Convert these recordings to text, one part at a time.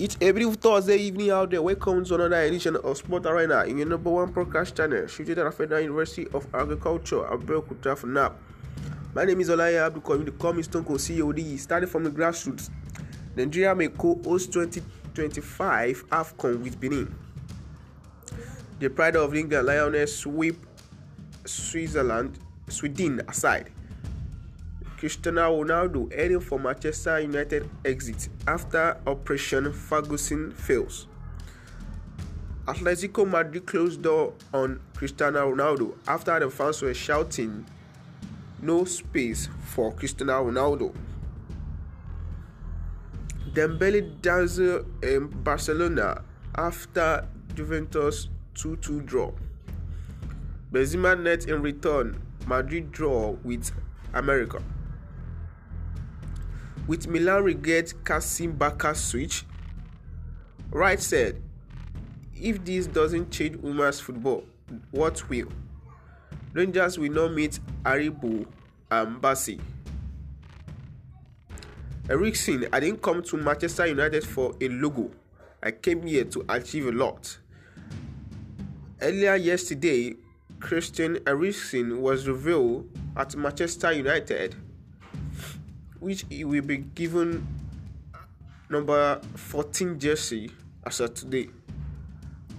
It's every Thursday evening out there. Welcome to another edition of Sport Arena in your number one podcast channel, Shujeta Federal University of Agriculture, Abeokuta FNAP. My name is Olaya Abdul Karim, the Coming Stone COD, starting from the grassroots. Nigeria may co host 2025 AFCON with Benin. The pride of England Lioness sweep Switzerland, Sweden aside. Cristiano Ronaldo heading for Manchester United exit after Operation Ferguson fails. Atletico Madrid closed door on Cristiano Ronaldo after the fans were shouting, No space for Cristiano Ronaldo. Dembele dazzled in Barcelona after Juventus 2 2 draw. Benzema net in return, Madrid draw with America with Milan regret casting Barca's switch? Wright said, If this doesn't change women's football, what will? Rangers will not meet Aribo and Bassy." Ericsson, I didn't come to Manchester United for a logo. I came here to achieve a lot. Earlier yesterday, Christian Eriksen was revealed at Manchester United which he will be given number 14 jersey as of today.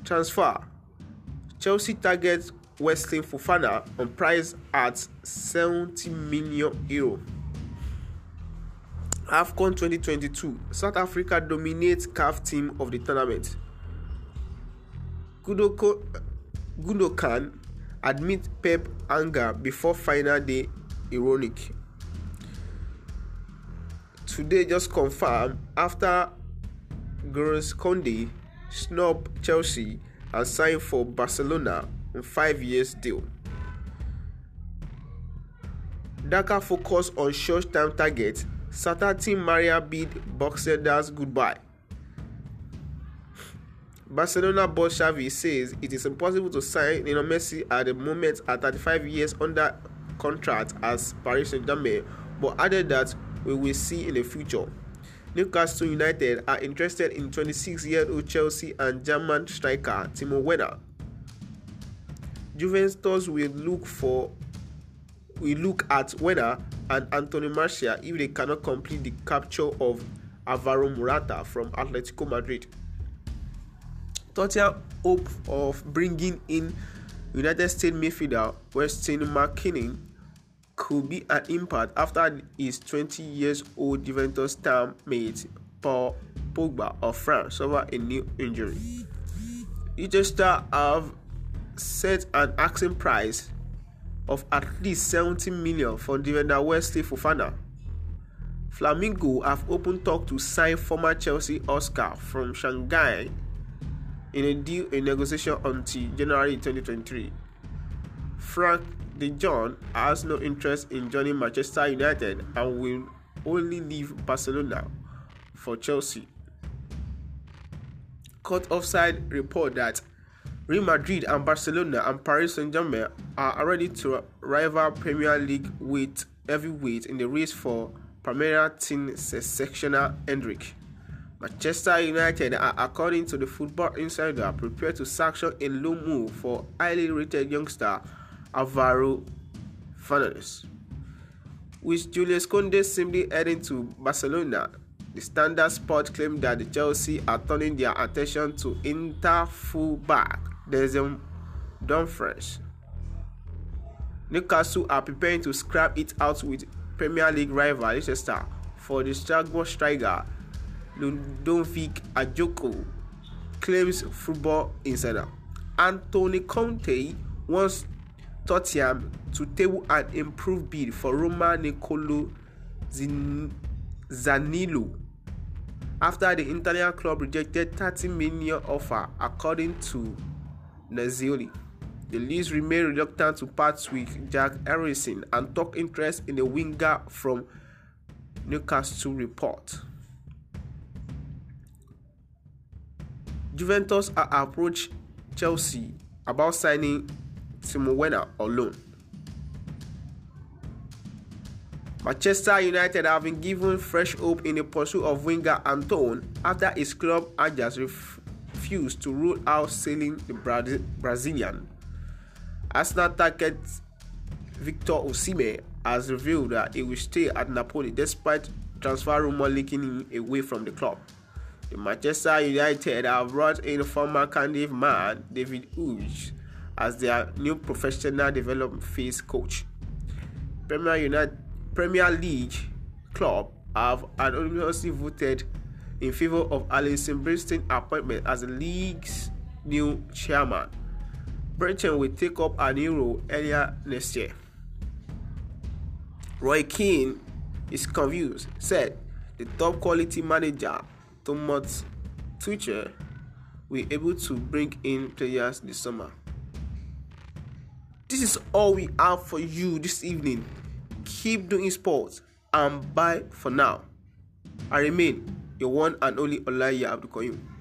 Transfer Chelsea targets Wesley Fofana on price at 70 million euro. AFCON 2022 South Africa dominates CAF team of the tournament. Gudoko, Gundokan admit Pep anger before final day ironic today just confirmed after Grace Conde snub Chelsea and signed for Barcelona on five years deal. Daka focus on short-term targets. Sata team Maria bid Boxedas goodbye. Barcelona boss Xavi says it is impossible to sign Lionel Messi at the moment at 35 years under contract as Paris Saint-Germain but added that we will see in the future. Newcastle United are interested in 26 year old Chelsea and German striker Timo Werner. Juventus will look for will look at Werner and Anthony Martial if they cannot complete the capture of Alvaro Morata from Atletico Madrid. Tottenham hope of bringing in United States midfielder Weston McKinney could be an impact after his 20 years old Juventus star mate Paul Pogba of France suffered a new injury. Leicester have set an asking price of at least 70 million for defender Wesley Fofana. Flamingo have opened talk to sign former Chelsea Oscar from Shanghai in a deal in negotiation until January 2023. Frank The John has no interest in joining Manchester United and will only leave Barcelona for Chelsea. Court offside report that Real Madrid and Barcelona and Paris Saint-Germain are ready to rival Premier League with heavyweight in the race for Primera team sectional Hendrick. Manchester United are, according to the Football Insider, prepared to sanction a low move for highly rated youngster Alvaro Fernandes. With Julius Koundé simply heading to Barcelona, the Standard Sport claimed that the Chelsea are turning their attention to Inter fullback Desmond Dumfries. Newcastle are preparing to scrap it out with Premier League rival Leicester for the Strasbourg striker Ludovic Ajoko, claims Football Insider. Anthony Conte wants Tottenham to table an improved bid for Roma Nicolo Zanillo after the Italian club rejected 30 million offer, according to Nazili. The Leeds remain reluctant to part with Jack Harrison and took interest in the winger from Newcastle report. Juventus approached Chelsea about signing Simuwena alone. Manchester United have been given fresh hope in the pursuit of winger Anton after his club Ajax refused to rule out selling the Bra- Brazilian. Arsenal target Victor Osime has revealed that he will stay at Napoli despite transfer rumor leaking him away from the club. The Manchester United have brought in former Cardiff man David Hughes as their new professional development phase coach. Premier, United, Premier League club have unanimously voted in favor of Alison Brinstein's appointment as the league's new chairman. Brinton will take up a new role earlier next year. Roy Keane is confused, said the top quality manager Thomas Tuchel will be able to bring in players this summer. This is all we have for you this evening. Keep doing sports and bye for now. I remain your one and only Olaya Abdul Koyum.